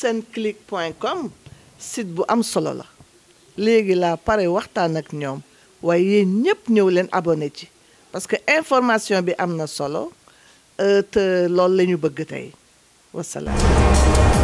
clic senclic.com site bu am solo la léegi laa pare waxtaan ak ñoom waaye yéen ñëpp ñëw leen abonné ci parce que information bi am na solo euh, te loolu la ñu bëgg tey wasalaam